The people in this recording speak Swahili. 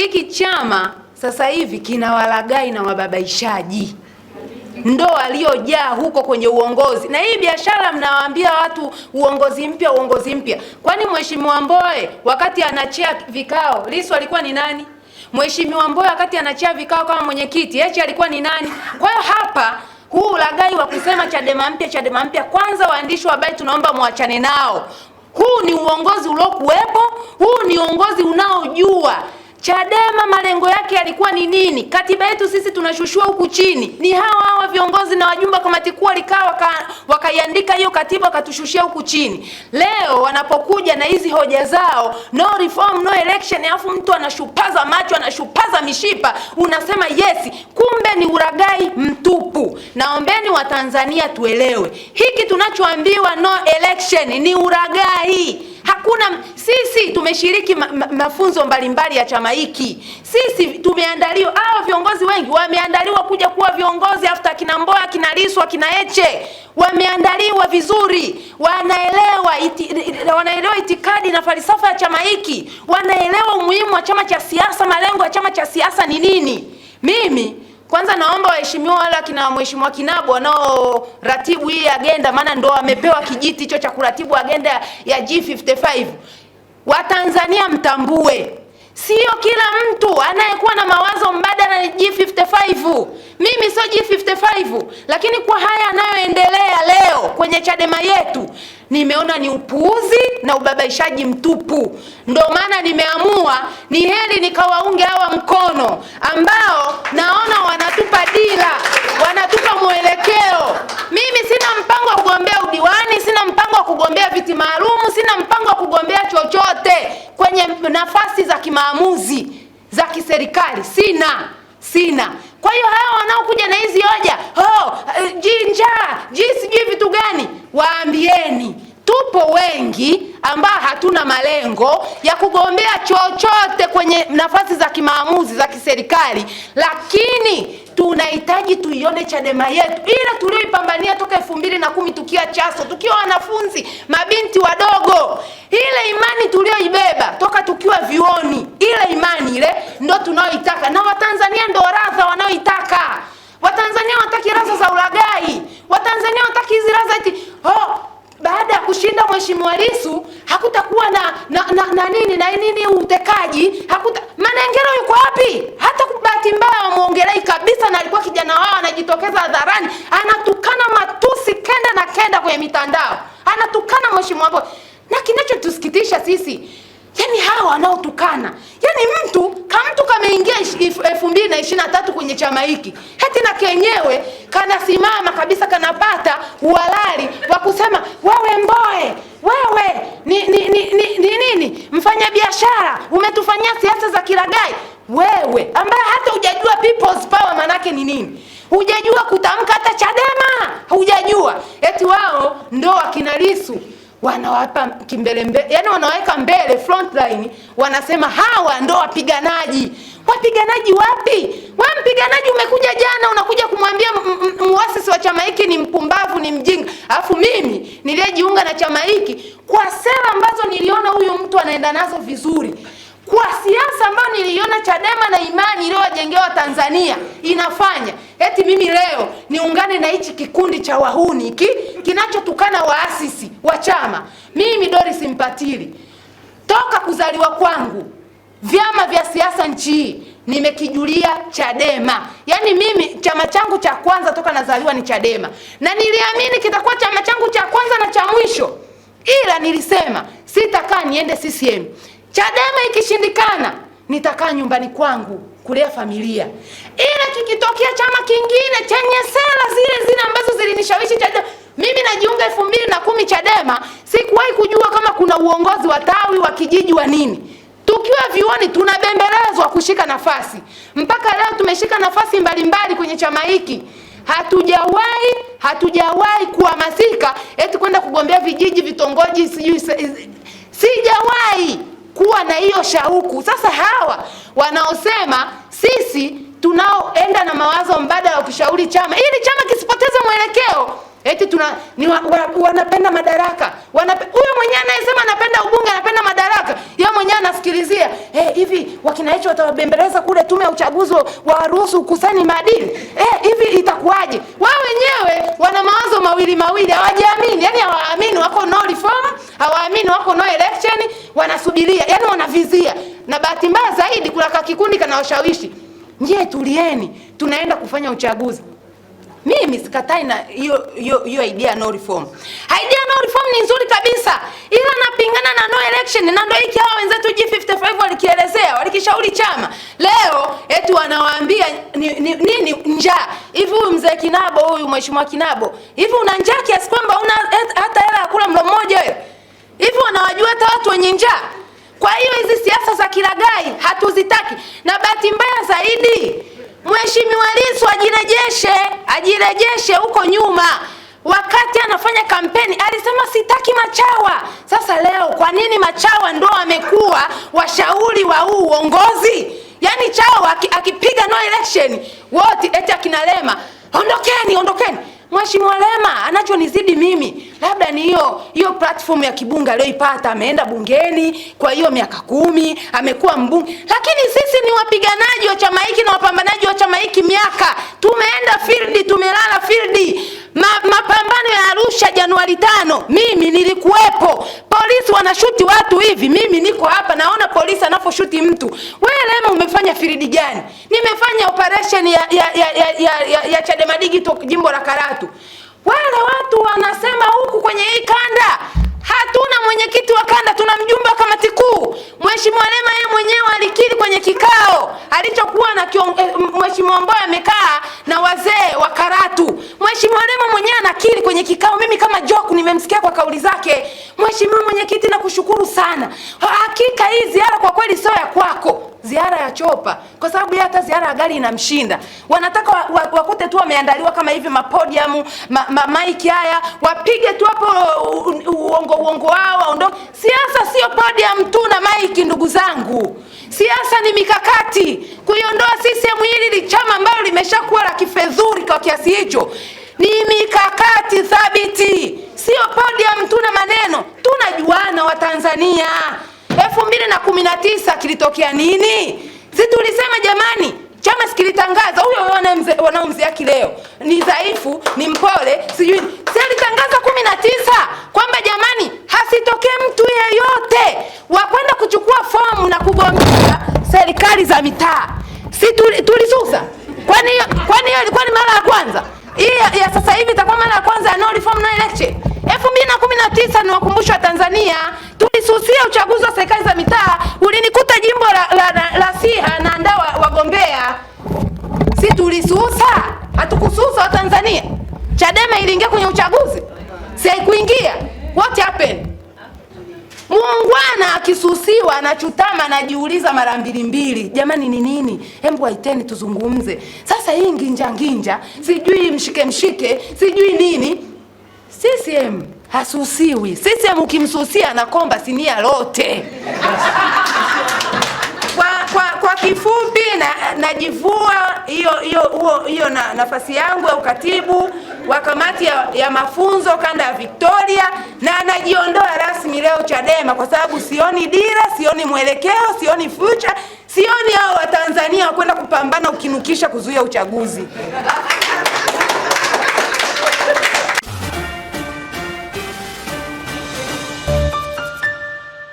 hiki chama sasa hivi kina walagai na wababaishaji ndo waliojaa huko kwenye uongozi na hii biashara, mnawaambia watu uongozi mpya, uongozi mpya. Kwani mheshimiwa Mbowe wakati anachea vikao, Lissu alikuwa ni nani? Mheshimiwa Mbowe wakati anachea vikao kama mwenyekiti, Heche alikuwa ni nani? Kwa hiyo hapa huu ulagai wa kusema Chadema mpya, Chadema mpya, kwanza waandishi wa habari tunaomba muachane nao. Huu ni uongozi uliokuwepo, huu ni uongozi unao Chadema malengo yake yalikuwa ni nini? Katiba yetu sisi tunashushiwa huku chini, ni hawa hawa viongozi na wajumbe wa kamati kuu walikaa wakaiandika hiyo katiba wakatushushia huku chini. Leo wanapokuja na hizi hoja zao no reform, no election, alafu mtu anashupaza macho anashupaza mishipa, unasema yes, kumbe ni uragai mtupu. Naombeni Watanzania tuelewe hiki tunachoambiwa, no election ni uragai hakuna sisi tumeshiriki ma, ma, mafunzo mbalimbali ya chama hiki. Sisi tumeandaliwa, hawa viongozi wengi wameandaliwa kuja kuwa viongozi hafta kina Mboya, kina Liswa, kina Eche, wameandaliwa vizuri, wanaelewa iti, wanaelewa itikadi na falsafa ya chama hiki, wanaelewa umuhimu wa chama cha siasa, malengo ya chama cha siasa ni nini. Mimi kwanza naomba waheshimiwa wale akina mheshimiwa Kinabo wanaoratibu hii agenda, maana ndo wamepewa kijiti hicho cha kuratibu agenda ya G55. Watanzania mtambue, sio kila mtu anayekuwa na mawazo mbadala ni G55. Mimi sio G55, lakini kwa haya yanayoendelea leo kwenye Chadema yetu nimeona ni upuuzi na ubabaishaji mtupu. Ndio maana nimeamua ni heri nikawaunge hawa mkono ambao naona wanatupa dira, wanatupa mwelekeo ambao hatuna malengo ya kugombea chochote kwenye nafasi za kimaamuzi za kiserikali, lakini tunahitaji tuione Chadema yetu ile tulioipambania toka elfu mbili na kumi tukiwa Chaso, tukiwa wanafunzi, mabinti wadogo, ile imani tulioibeba toka tukiwa vioni, ile imani ile ndio tunao Lisu hakutakuwa na na, na na nini na nini utekaji, hakuta Manengero yuko wapi? Hata bahati mbaya wamuongelei kabisa, na alikuwa kijana wao anajitokeza hadharani anatukana matusi kenda na kenda kwenye mitandao, anatukana mheshimiwa hapo. Na kinachotusikitisha sisi yani hawa wanaotukana yani, mtu kama mtu kameingia elfu mbili na ishirini na tatu kwenye chama hiki heti na kenyewe kanasimama kabisa, kanapata uhalali wa kusema wewe Mbowe wewe ni ni ni nini ni, ni, mfanya biashara umetufanyia siasa za kiragai wewe, ambaye hata hujajua people's power manake ni nini, hujajua kutamka hata Chadema hujajua, eti wao ndo wakina lisu wanawapa kimbele mbele, yani wanaweka mbele frontline, wanasema hawa ndo wapiganaji. Wapiganaji wapi? Wewe mpiganaji umekuja jana, unakuja kumwambia muasisi wa chama hiki ni mpumbavu, ni mjinga, alafu mimi niliyejiunga na chama hiki kwa sera ambazo niliona huyu mtu anaenda nazo vizuri, kwa siasa ambayo niliona Chadema na imani iliyowajengewa Tanzania inafanya, eti mimi leo niungane na hichi kikundi cha wahuni hiki kinachotukana waasisi wa chama. Mimi Doris Mpatili, toka kuzaliwa kwangu vyama vya siasa nchi hii nimekijulia Chadema. Yaani mimi chama changu cha kwanza toka nazaliwa ni Chadema, na niliamini kitakuwa chama changu cha kwanza na cha mwisho, ila nilisema sitakaa niende CCM. Chadema ikishindikana, nitakaa nyumbani kwangu kulea familia, ila kikitokea chama kingine chenye sera zile zile ambazo zilinishawishi Chadema mimi najiunga elfu mbili na kumi Chadema, sikuwahi kujua kama kuna uongozi wa tawi wa kijiji wa nini tukiwa vioni tunabembelezwa kushika nafasi. Mpaka leo tumeshika nafasi mbalimbali kwenye chama hiki, hatujawahi hatujawahi kuhamasika eti kwenda kugombea vijiji, vitongoji, sijui sijawahi kuwa na hiyo shauku. Sasa hawa wanaosema sisi tunaoenda na mawazo mbadala ukishauri chama ili chama kisipoteze mwelekeo Eti tuna ni wa, wa, wanapenda madaraka. huyo mwenyewe anayesema anapenda ubunge, anapenda madaraka. Yeye mwenyewe anasikilizia. Eh, hivi wakina hicho watawabembeleza kule tume ya uchaguzi wa ruhusu kusani madini. Eh, hivi itakuwaje? Wao wenyewe wana mawazo mawili mawili, hawajiamini. Yaani hawaamini wako no reform, hawaamini wako no election, wanasubiria. Yaani wanavizia. Na bahati mbaya zaidi kuna kakikundi kanawashawishi. Nyie tulieni, tunaenda kufanya uchaguzi mimi sikatai na hiyo hiyo hiyo idea no reform. Idea no reform ni nzuri kabisa, ila napingana na no election, na ndio hiki hawa wenzetu G55 walikielezea, walikishauri chama. Leo eti wanawaambia nini? Ni, ni, njaa hivi. Huyu mzee Kinabo huyu mheshimiwa Kinabo, hivi una njaa kiasi kwamba una hata hela ya kula mlo mmoja wewe? Hivi wanawajua hata watu wenye njaa? Kwa hiyo hizi siasa za kilagai hatuzitaki, na bahati mbaya zaidi Mheshimiwa Lissu ajirejeshe, ajirejeshe huko nyuma. Wakati anafanya kampeni alisema sitaki machawa. Sasa leo kwa nini machawa ndo amekuwa washauri wa huu uongozi? Yaani chawa akipiga no election wote eti akinalema ondokeni, ondokeni Mheshimiwa Lema anachonizidi mimi labda ni hiyo hiyo platform ya kibunge aliyoipata. Ameenda bungeni kwa hiyo miaka kumi amekuwa mbunge, lakini sisi ni wapiganaji wa chama hiki na wapambanaji wa chama hiki. Miaka tumeenda field, tumelala field. Ma, mapambano ya Arusha Januari tano, mimi nilikuwepo. Polisi wanashuti watu hivi, mimi niko hapa naona polisi anaposhuti mtu. Wewe Lema umefanya field gani? Tumefanya operation ya, ya, ya, ya, ya, ya, ya Chadema Digital jimbo la Karatu. Wale watu wanasema huku kwenye hii kanda hatuna mwenyekiti wa kanda, tuna mjumbe wa kamati kuu. Mheshimiwa Lema yeye mwenyewe alikiri kwenye kikao alichokuwa na eh, Mheshimiwa Mboya amekaa na wazee wa Karatu. Mheshimiwa Lema mwenyewe anakiri kwenye kikao, mimi kama joke nimemsikia kwa kauli zake. Mheshimiwa mwenyekiti, nakushukuru sana, hakika hii ziara sawa ya kwako ziara ya chopa, kwa sababu yeye hata ziara ya gari inamshinda. Wanataka wakute tu wameandaliwa kama hivi mapodium ma, ma, maiki haya wapige tu hapo uongo uongo wao waondoke. Siasa sio podium tu na maiki, ndugu zangu, siasa ni mikakati kuiondoa CCM. Hili ni chama ambalo limeshakuwa la kifedhuri kwa kiasi hicho, ni mikakati thabiti, sio podium tu na maneno. Tunajuana Watanzania elfu mbili na kumi na tisa kilitokea nini? Si tulisema jamani, chama sikilitangaza huyo wanaomzeaki leo ni dhaifu, ni mpole, sijui si alitangaza kumi na tisa kwamba jamani, hasitokee mtu yeyote wa kwenda kuchukua fomu na kugombea serikali za mitaa. Si tulisusa? Kwani hiyo ilikuwa ni mara ya kwanza? niliingia kwenye uchaguzi? Si What happened? Muungwana akisusiwa anachutama, anajiuliza mara mbili mbili, jamani ni nini? Hebu waiteni tuzungumze. Sasa hii nginja nginja, sijui mshike mshike, sijui nini. CCM hasusiwi. CCM ukimsusia anakomba sinia lote. Kwa, kwa kifupi najivua na hiyo hiyo huo hiyo na, nafasi yangu ya ukatibu wa kamati ya, ya mafunzo kanda ya Victoria na anajiondoa rasmi leo Chadema, kwa sababu sioni dira, sioni mwelekeo, sioni future, sioni hao Watanzania wakwenda kupambana ukinukisha kuzuia uchaguzi